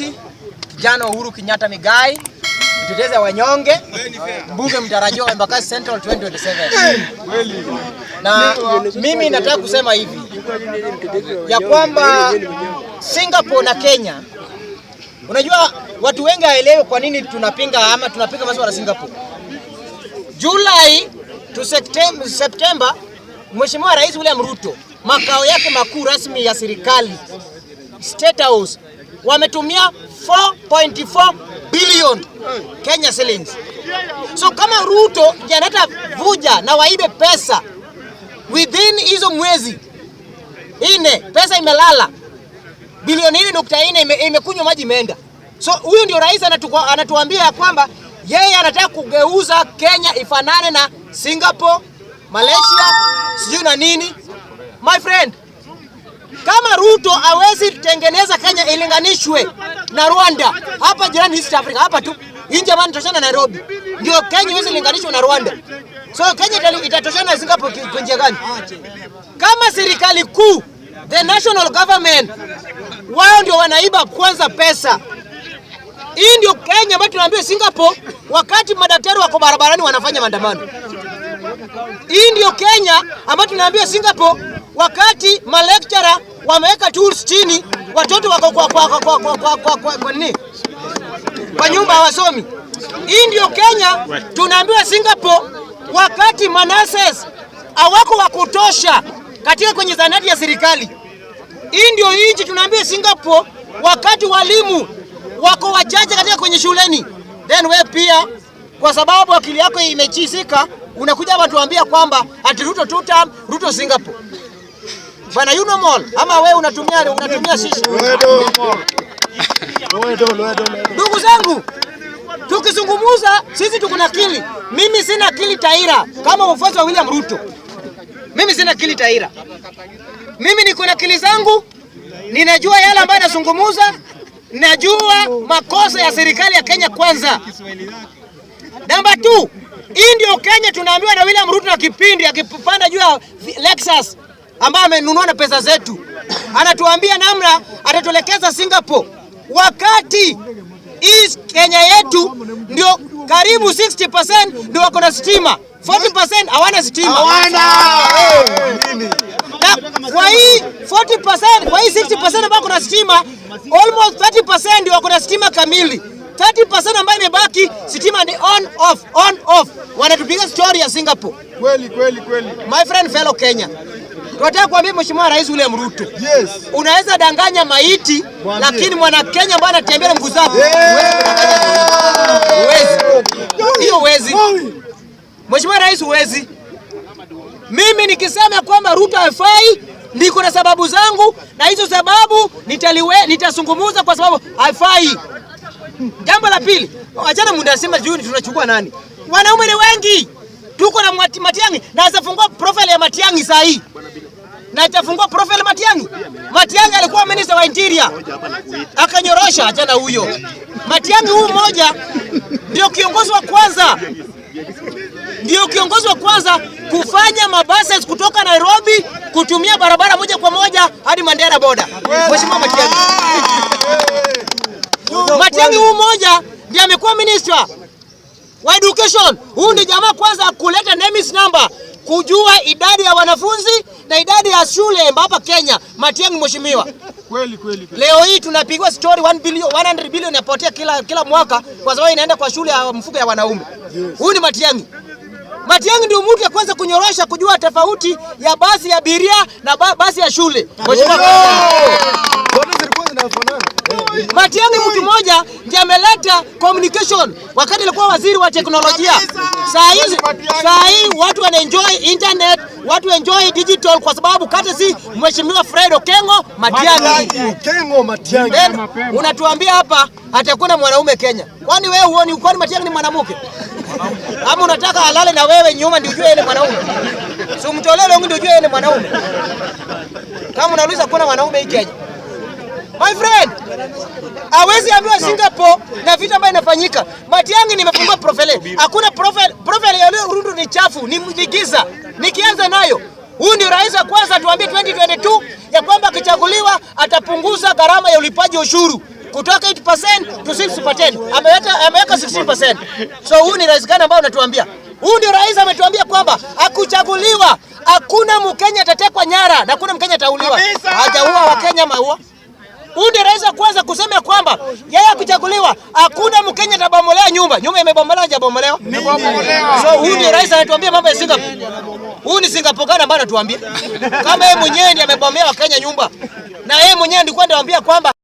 Mwanambuti, kijana Uhuru Kenyatta Migai, mtetezi wa wanyonge, mbunge mtarajiwa wa Embakasi Central 2027. Na mimi nataka kusema hivi ya kwamba Singapore na Kenya, unajua watu wengi haelewi kwa nini tunapinga ama tunapinga masuala ya Singapore. Julai to Septemba, Mheshimiwa Rais William Ruto makao yake makuu rasmi ya serikali State House wametumia 4.4 billion Kenya shillings. So kama Ruto janata vuja na waibe pesa within hizo mwezi ine, pesa imelala bilioni hili nukta ine imekunywa maji imeenda. So huyu ndio rais anatuambia ya kwamba yeye anataka kugeuza Kenya ifanane na Singapore, Malaysia, sijui na nini. My friend, kama Ruto awezi tengeneza Kenya ilinganishwe na Rwanda, hapa jirani East Africa, hapa tu nje bana toshana Nairobi, ndio Kenya iwezi linganishwa na Rwanda. So Kenya itatoshana Singapore kwenye gani? Kama serikali kuu, the national government, wao ndio wanaiba kwanza pesa hii ndio Kenya ambayo tunaambiwa Singapore, wakati madaktari wako barabarani wanafanya maandamano. Hii ndio Kenya ambayo tunaambia Singapore, wakati malekchara wameweka tools chini, watoto wako kwa kwa kwa kwa kwa kwa kwa kwa kwa kwa nyumba hawasomi. Hii ndio Kenya tunaambiwa Singapore, wakati manases hawako wa kutosha katika kwenye zanati ya serikali. Hii ndio nchi tunaambiwa Singapore, wakati walimu wako wachache katika kwenye shuleni, then we pia kwa sababu akili yako imechisika unakuja watuambia kwamba ati Ruto tutam Ruto Singapore. Bwana you mall ama wewe unatumia unatumia shisha? Ndugu zangu tukizungumuza sisi tuko na akili. Mimi sina akili taira kama wafuasi wa William Ruto. Mimi sina akili taira. Mimi niko na akili zangu, ninajua yale ambayo nazungumuza, najua makosa ya serikali ya Kenya kwanza. Namba 2, hii ndio Kenya tunaambiwa na William Ruto na kipindi akipanda juu ya Lexus ambaye amenunua na pesa zetu, anatuambia namna atatuelekeza Singapore, wakati hii Kenya yetu ndio karibu 60% ndio wako na stima, 40% hawana stima. Kwa hii 40%, kwa hii 60% ambao kuna stima, almost 30% ndio wako na stima kamili. 30% ambayo imebaki stima ni on off, on off. Wanatupiga story ya Singapore. Kweli kweli kweli. My friend fellow Kenya. Nataka kuambia Mheshimiwa Rais William Ruto. Yes. Unaweza danganya maiti Mwambie. Lakini mwana Kenya ambaye anatembea mguu zako hiyo uwezi. Mheshimiwa Rais uwezi Mimi nikisema kwamba Ruto haifai ndiko na sababu zangu na hizo sababu nitaliwe, nitasungumuza kwa sababu haifai. Jambo la pili, achana mundasema juu tunachukua nani? Wanaume ni wengi tuko na Matiang'i na asafungua profile ya Matiang'i saa hii na itafungua profile Matiang'i. Matiang'i alikuwa minister wa interior akanyorosha, achana huyo Matiang'i. Huu mmoja ndio kiongozi wa kwanza, ndio kiongozi wa kwanza kufanya mabasi kutoka Nairobi kutumia barabara moja kwa moja hadi Mandera boda. Mheshimiwa Matiang'i, Matiang'i huu mmoja ndio amekuwa minister wa education. Huyu ni jamaa kwanza kuleta names number, kujua idadi ya wanafunzi na idadi ya shule hapa Kenya. Matiang'i, mheshimiwa Kweli, kweli, Leo hii tunapigwa story 1 billion, 100 billion inapotea kila, kila mwaka kwa sababu inaenda kwa shule ya mfuko ya wanaume. Huyu yes. ni Matiang'i. Matiang'i ndio mtu ya kwanza kunyorosha kujua tofauti ya basi ya abiria na basi ya shule. Mheshimiwa. Matiang'i mtu mmoja ndiye ameleta communication wakati alikuwa waziri wa teknolojia. Saa hizi saa hii watu wanaenjoy internet, watu enjoy digital kwa sababu kati si mheshimiwa Fred Okengo Matiang'i. Okengo Matiang'i. Unatuambia hapa atakuwa na mwanaume Kenya. Kwani wewe huoni kwani Matiang'i ni mwanamke? Ama unataka alale na wewe nyuma ndio ujue ile mwanaume. Si umtolee ndio ujue ile mwanaume. Kama unauliza kuna mwanaume hii Kenya. My friend, awezi ambiwa Singapore na vitu ambayo inafanyika. Matiangi nimefungua profile. Hakuna profile, profile ya leo Rundu ni chafu, ni, ni giza. Nikianza nayo, Huu ni rais wa kwanza tuambie 2022 ya kwamba akichaguliwa atapunguza gharama ya ulipaji ushuru kutoka 8% to 6%. Ameweka ameweka 16%. So huu ni rais gani ambao unatuambia? Huu ndio rais ametuambia kwamba akuchaguliwa hakuna Mkenya atatekwa nyara na hakuna Mkenya atauliwa. Hajaua Wakenya maua. Punde rais kwanza kusema kwamba yeye akichaguliwa hakuna Mkenya atabomolea nyumba. Nyumba imebomolewa je, bomolewa? So huyu rais anatuambia mambo ya Singapore. Huyu ni Singapore kana bado tuambie. Kama yeye mwenyewe ndiye amebomea Wakenya nyumba. Na yeye mwenyewe ndiye kwenda kuambia kwamba